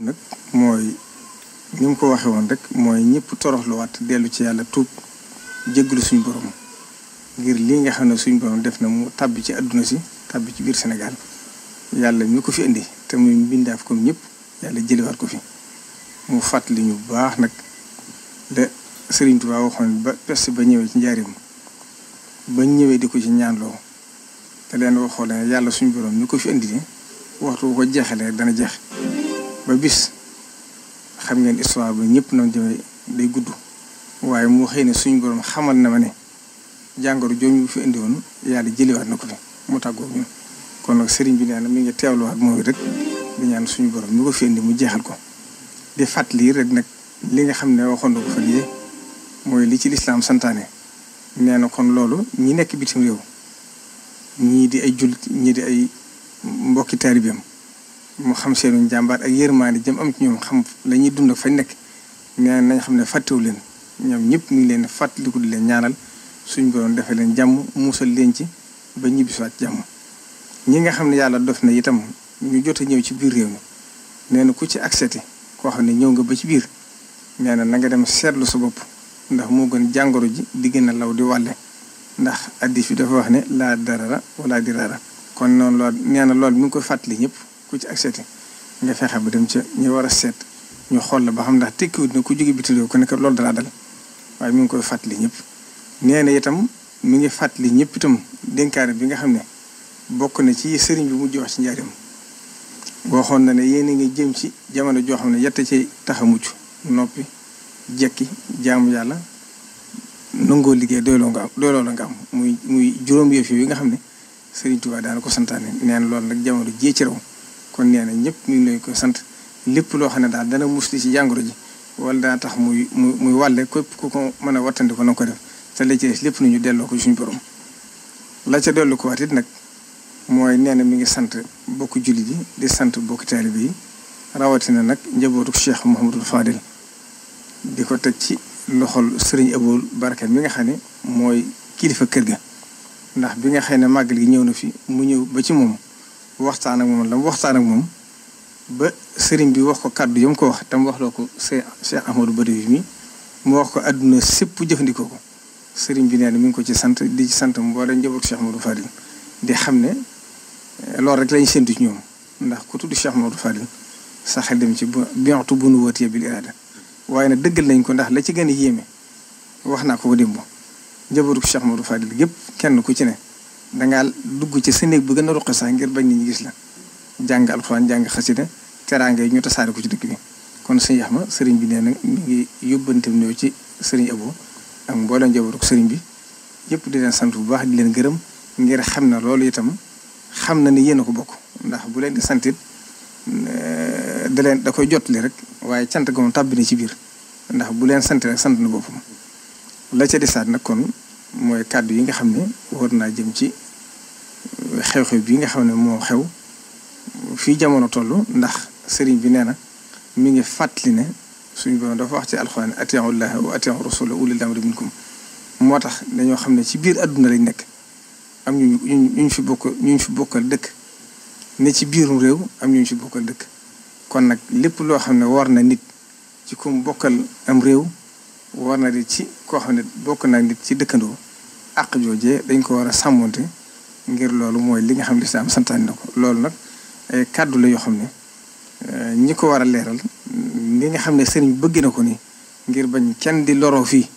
nag mooy ñu mu ko waxee woon rek mooy ñëpp toroxluwaat dellu ci yàlla tuub jégglu suñu borom ngir lii nga xam ne suñ borom def na mu tàbbi ci àdduna si tàbbi ci biir Sénégal yàlla ñu ko fi indi te muy mbindaaf comme ñëpp yàlla jëliwaat ko fi mu fàttali ñu baax nag la Sëriñ Tuubaa waxoon ba peste ba ñëwee ci njaarim ba ñëwee di ko ci ñaanloo te leen waxoo leen yàlla suñu borom ñu ko fi indi waxtu ko jeexalee dana jeex ba bis xam ngeen histoire bi ñëpp nam jëme day gudd waaye mu xëy ne suñu borom xamal na ma ne jàngoro jooju fi indi woon yàlla jëliwaat na ko fi mu tàggoo kon nag sëriñ bi nee na mi ngi teewluwaat mooy rek di ñaan suñu borom mi ko fi mu jeexal ko di fàttali rek nag li nga xam ne waxoon na ko fa mooy li ci lislaam santaane nee na kon loolu ñi nekk bitim réew ñii di ay jullit ñii di ay mbokki taalibeem mu xam seenu jàmbaar ak yërmaande jëm am ci ñoom xam la ñuy dund ak fañ nekk nee nañ xam ne fàttewu leen ñoom ñëpp mu ngi leen fàttaliku di leen ñaanal suñ borom defee leen jàmm muusal leen ci ba ñibbisiwaat jàmm ñi nga xam ne yàlla dof na itam ñu jot a ñëw ci biir réew mi nee na ku ci accepté koo xam ne ñëw nga ba ci biir nee na na nga dem seetlu sa bopp ndax moo gën jàngoro ji di gën a law di wàlle ndax addis bi dafa wax ne laa darara wala dirara kon noonu lool nee loolu mi ngi koy fàttali ñëpp ku ci ak seeti nga fexe ba dem ca ñu war a seet ñu xool la ba xam ndax tekkiwut na ku jóge biti réew ku nekk loolu dalaa dal waaye mu ngi koy fàttali ñëpp nee na itam mi ngi fàttali ñëpp itam dénkaane bi nga xam ne bokk na ci sëriñ bi mujj wax ci njaaram na ne yéen a ngi jëm ci jamono joo xam ne yette ci tax a noppi jekki jaamu yàlla nangoo liggéey doyloo nga am doyloo nga am muy muy juróom yëf yi nga xam ne sëriñ Tuubaa daana ko santaane neen lool nag jamono jii ci raw kon nee na ñëpp ñu ngi leen koy sant lépp loo xam ne daal dana musli ci jàngoro ji wala daa tax muy muy muy wàlle képp ku ko mën a wattandi ko na ko def te lépp nu ñu delloo ko suñu borom la ca dellu ko waat it nag mooy nee na mi ngi sant bokk julli ji di sant bokk taalibe yi rawatina nag njabootu Cheikh Mouhamadul Fadil di ko teg ci loxol sëriñ Abul Barke mi nga xam ne mooy kilifa kër ga ndax bi nga xam ne màgg gi ñëw na fi mu ñëw ba ci moom waxtaan ak moom la mu waxtaan ak moom ba sëriñ bi wax ko kàddu mu ko wax tam wax loo ko see Cheikh Ahmadou Badawi mi mu wax ko àdduna sépp jëfandikoo ko sëriñ bi nee na mi ngi ko ci sant di ci sant mboolem njabootu Cheikh Ahmadou Fadil di xam ne eh, loolu rek lañ séntu ci ñoom ndax ku tudd Cheikh Ahmadou Fadil sa xel dem ci bientu bu nu wóotee bil iraada waaye nag dëggal nañ ko ndax la ci gën a yéeme wax naa ko ba démb njabootu Cheikh Ahmadou Fadil gépp kenn ku ci ne dangaa dugg ci sa néeg bu gën a ruqe sax ngir bañ ni ñi gis la jàng alxuraan jàng xasida teraanga yi ñu tasaare ko ci digg bi kon sëñ Yaxma sëriñ bi nee mu mi ngi yóbbanteem ñëw ci sëriñ Abo ak mboolem njabootu sëriñ bi yëpp di leen sant bu baax di leen gërëm ngir xam na loolu itam xam na ni yéen a ko bokk ndax bu leen di santit eh, da leen da koy jotali rek waaye cant ga moom tàbbi ci biir ndax bu leen sant rek sant na boppam la ca desaat nag kon mooy kàddu yi nga xam ne war naa jëm ci xew-xew bi nga xam ne moo xew fii jamono toll ndax sëriñ bi nee na mi ngi fàttli ne suñu borom dafa wax ci alxuraan atiiu llaha wa atiiu rasula moo tax dañoo xam ne ci biir àdduna lañ nekk am ñu ñu fi bokk ñu fi bokkal dëkk ne ci biirum réew am ñu fi bokkal dëkk kon nag lépp loo xam ne war na nit ci kum bokkal am réew war na di ci koo xam ne bokk nag nit ci dëkkandoo àq joojee dañ ko war a sàmmonte ngir loolu mooy li nga xam ne lislaam santaani na ko loolu nag ay kàddu la yoo xam ne eh, ñi ko war a leeral li nga xam ne sëriñ bëgg na ko ni ngir bañ kenn di loroo fii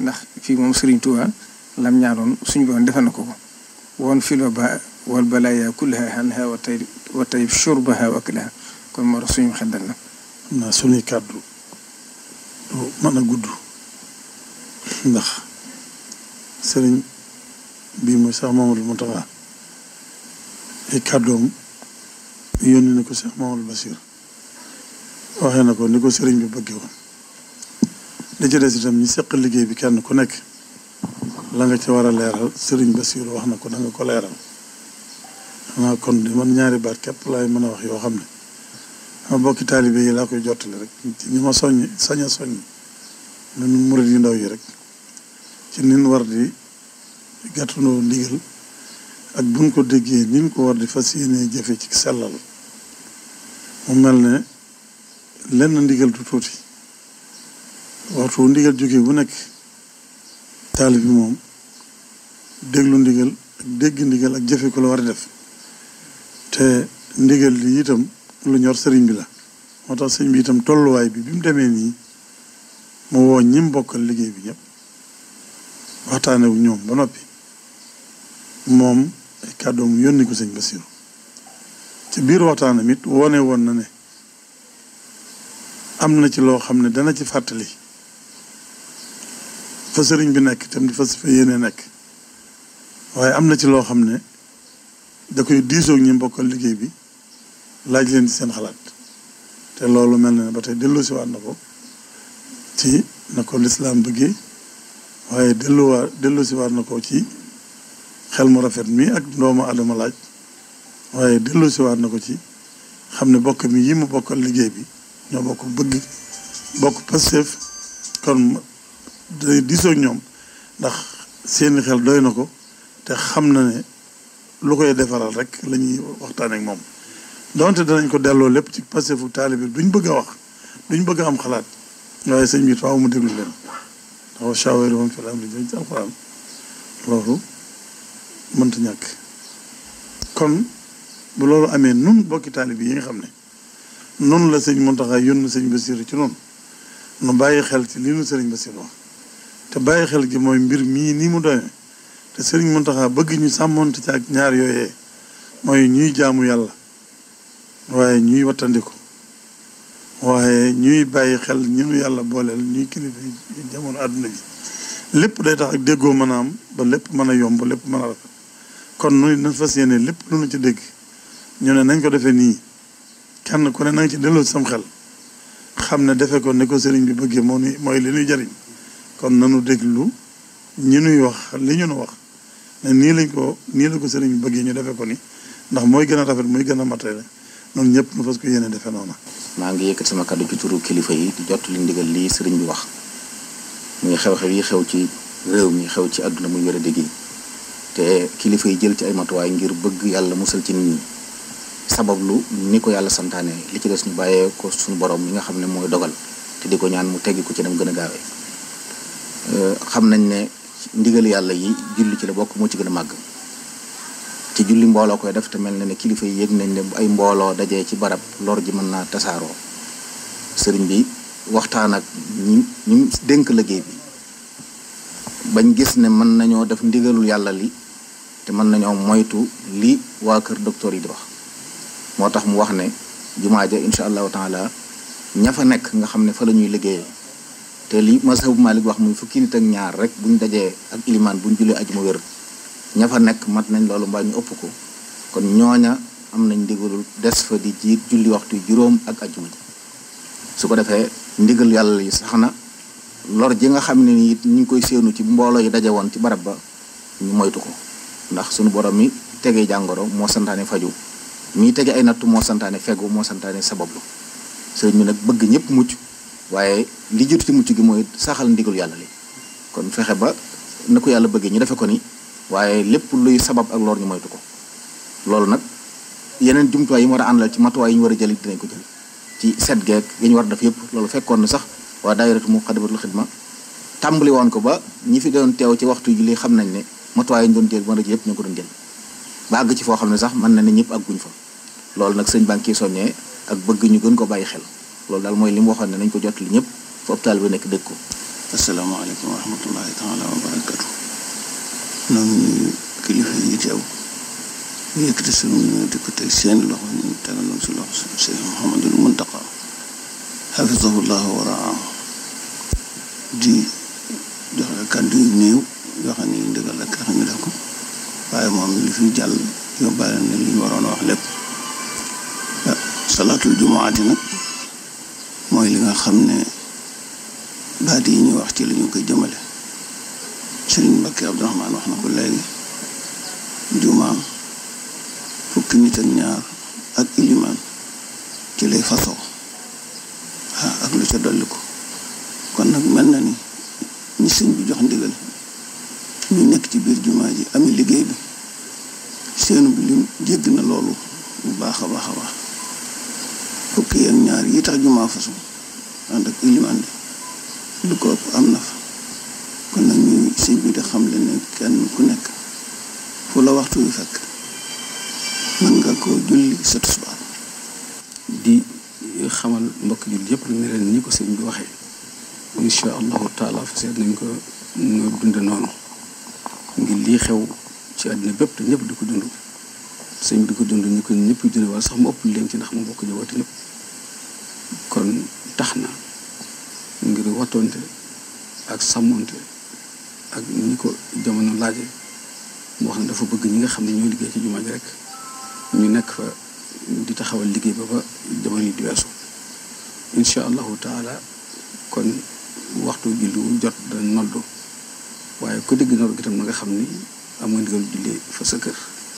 ndax fii moom sëriñ Tuubaa lam ñaanoon suñ borom defee na ko ko woon filo ba wal balaya kullaha anha wa tay wa tayib shurbaha wa aklaha kon moo tax suñu xeddal na naa a gudd ndax sëriñ bii mooy Cheikh Mamadou Mountakha ay kàddoom yónni na ko Cheikh Mamadou Bassir waxee na ko ni ko sëriñ bi bëggee woon li ci des itam ñi seq liggéey bi kenn ku nekk la nga ci war a leeral sëriñ Bassir wax na ko da ko leeral xanaa kon di man ñaari baat képp laay mën a wax yoo xam ne ma bokki taalibe yi laa koy jottali rek ñi ma soññ sañ a soññ ñun murit yu ndaw yi rek nin war di gàttandoo ndigal ak buñ ko déggee nin ko war di fas yéenee jëfe ci sellal mu mel ne lenn ndigal du tuuti waxtu ndigal jóge bu nekk taalib bi moom déglu ndigal ak dégg ndigal ak jafe ko la war a def te ndigal li itam lu ñor sëriñ bi la moo tax sëriñ bi itam tolluwaay bi bi mu demee nii mu woo ñim bokkal liggéey bi ñëpp waxtaane wu ñoom ba noppi moom ay kàddoom yónni ko sëñ Basiru ci biir waxtaane mit wone woon na ne am na ci loo xam ne dana ci fàttali fa sëriñ bi nekk tam di fa fa yéene nekk waaye am na ci loo xam ne da koy diisoog ñi mbokkal liggéey bi laaj leen ci seen xalaat te loolu mel na ne ba tey dellu si waat na ko ci na ko lislaam bëggee waaye delluwaat dellu siwaat na ko ci xel mu rafet mii ak doomu adama laaj waaye dellu siwaat na ko ci xam ne bokk mi yi mu bokkal liggéey bi ñoo bokk bëgg bokk Pastef kon day diisoog ñoom ndax seeni xel doy na ko te xam na ne lu koy defaral rek la ñuy waxtaan ak moom donte danañ ko delloo lépp ci Pastefu taalibe bi duñ bëgg a wax duñ bëgg a am xalaat waaye sëñ bi faaw mu déglu leen wa shaawirhum fil amri ci alxuraan loolu mënta ñàkk kon bu loolu amee nun bokki taalib yi nga xam ne noonu la sëñ Muntaxa yónn sëñ Basiiru ci noonu nu bàyyi xel ci li nu sëriñ Basiiru wax te bàyyi xel gi mooy mbir mii nii mu doyee te sëriñ Muntaxa bëgg ñu sàmmoonte ci ak ñaar yooyee mooy ñuy jaamu yàlla waaye ñuy wattandiku waaye ñuy bàyyi xel ñunu yàlla booleel ñuy kilifa jamono àdduna bi lépp day tax ak déggoo mën a am ba lépp mën a yomb lépp mën a rafet kon nu na fas yéene lépp lu ci dégg ñu nañ ko defee nii kenn ku ne na ci delloo sam xel xam ne defe ne ko sëriñ bi bëggee moo nu mooy li ñuy jariñ kon nanu déglu ñi nuy wax li ñu nu wax ne nii lañ ko nii la ko sëriñ bi bëggee ñu defe ko ni ndax mooy gën a rafet mooy gën a matale ñoom ñëpp nu fas defe noona maa ngi yëkkat sama kàddu ci turu kilifa yi di jot li ndigal lii sëriñ bi wax muy xew-xew yi xew ci réew mi xew ci àdduna muy a gi te kilifa yi jël ci ay matuwaay ngir bëgg yàlla musal ci nit ñi lu ni ko yàlla santaane li ci des ñu bàyyee ko suñu borom mi nga xam ne mooy dogal te di ko ñaan mu teggi ko ci dam gën a gaawee xam nañ ne ndigal yàlla yi julli ci la bokk moo ci gën a màgg te julli mbooloo koy def te mel na ne kilifa yi yëg nañ ne ay mbooloo dajee ci barab lor ji mën naa tasaaroo sëriñ bi waxtaan ak ñi ñu dénk liggéey bi bañ gis ne mën nañoo def ndigalul yàlla li te mën nañoo moytu li waa kër docteur yi di wax moo tax mu wax ne jumaa ja incha allahu taala ña fa nekk nga xam ne fa la ñuy liggéeyee te li masabu Malik wax muy fukki nit ak ñaar rek buñ dajee ak bu buñ jullee ajuma wér ña fa nekk mat nañ loolu mbaa ñu ëpp ko kon ñooña am nañ ndigalul des fa di jiit julli waxtu juróom ak ajuma ji su ko defee ndigal yàlla yi sax na lor ji nga xam ne ni it ñu ngi koy séenu ci mbooloo yi daje woon ci barab ba ñu moytu ko ndax sunu borom mi tegee jàngoro moo santaane faju mii tege ay nattu moo santaane fegu moo santaane sabablu sëriñ bi nag bëgg ñëpp mucc waaye li jiitu ci mucc gi mooy saxal ndigal yàlla li kon fexe ba na ko yàlla bëggee ñu defe ko waaye lépp luy sabab ak lor ñu moytu ko loolu nag yeneen jumtuwaay yi mu war a àndal ci matuwaay yi ñu war a jëli dinañ ko jël ci set geek yi ñu war a def yëpp loolu fekkoon na sax waa daayiratu Muqaddamatul Xidma tàmbali woon ko ba ñi fi doon teew ci waxtu julli xam nañ ne matuwaay yi ñu doon jël mën a ko doon jël ba ci foo xam ne sax mën na ne ñëpp àgguñ fa loolu nag sëñ banque yi soññee ak bëgg ñu gën ko bàyyi xel loolu daal mooy li mu waxoon ne nañ ko jot li ñëpp fa hôpital bi nekk dëkk ko asalaamaaleykum wa rahmatullahi taala wa barakatu noonu kilifa yi teew ñu yëkkati sunu ñëw di ko teg seen loxo ñu tegaloon si loxo Sëriñ Muhammadul Muntaqa xafisahullahu wa raa di joxe kàddu yu néew yoo xam ne ndigal ak xam ne ko waaye moom li fi jàll yóbbaale na li ñu waroon a wax lépp ah, salaatul jumaati nag mooy li nga xam ne baat yi ñuy wax ci la koy jëmale sëriñ Mbàkke Abdourahmaan wax na bu léegi jumaam fukki nit ak ñaar ak iliman ci lay fasoo ah ak lu ca dolli ko kon nag mën na ni ñi sëñ bi jox ndigal ñu nekk ci biir jumaa ji ami liggéey bi seenu bi lim jégg na loolu bu baax a baax a baax fukki ak ñaar yi tax jumaa fasu ànd ak iliman bi lu ko ëpp am na fa kon nag ñu sëñ bi xam le ne kenn ku nekk fu la waxtu wi fekk mën nga ko julli sa tisbaar di xamal mbokk julli yëpp ne ni ko seen bi waxee incha allahu taala fa seet nañ ko no dund noonu ngir lii xew ci àddina bépp te ñëpp di ko dund sëñ di ko dund ñu ko ñëpp di dund sax mu ëpp leen ci ndax mu bokk jabooti ñëpp kon tax na ngir watoonte ak sàmmoonte ñu ni ko jamono laaje moo xam ne dafa bëgg ñi nga xam ne ñoo liggéey ci jumaa ji rek ñu nekk fa di taxawal liggéey ba ba jamono yi di weesu incha allahu taala kon waxtu julliwu jot da noddu waaye ku dégg noddu gi tam na nga xam ni am nga ndigal jullee fa sa kër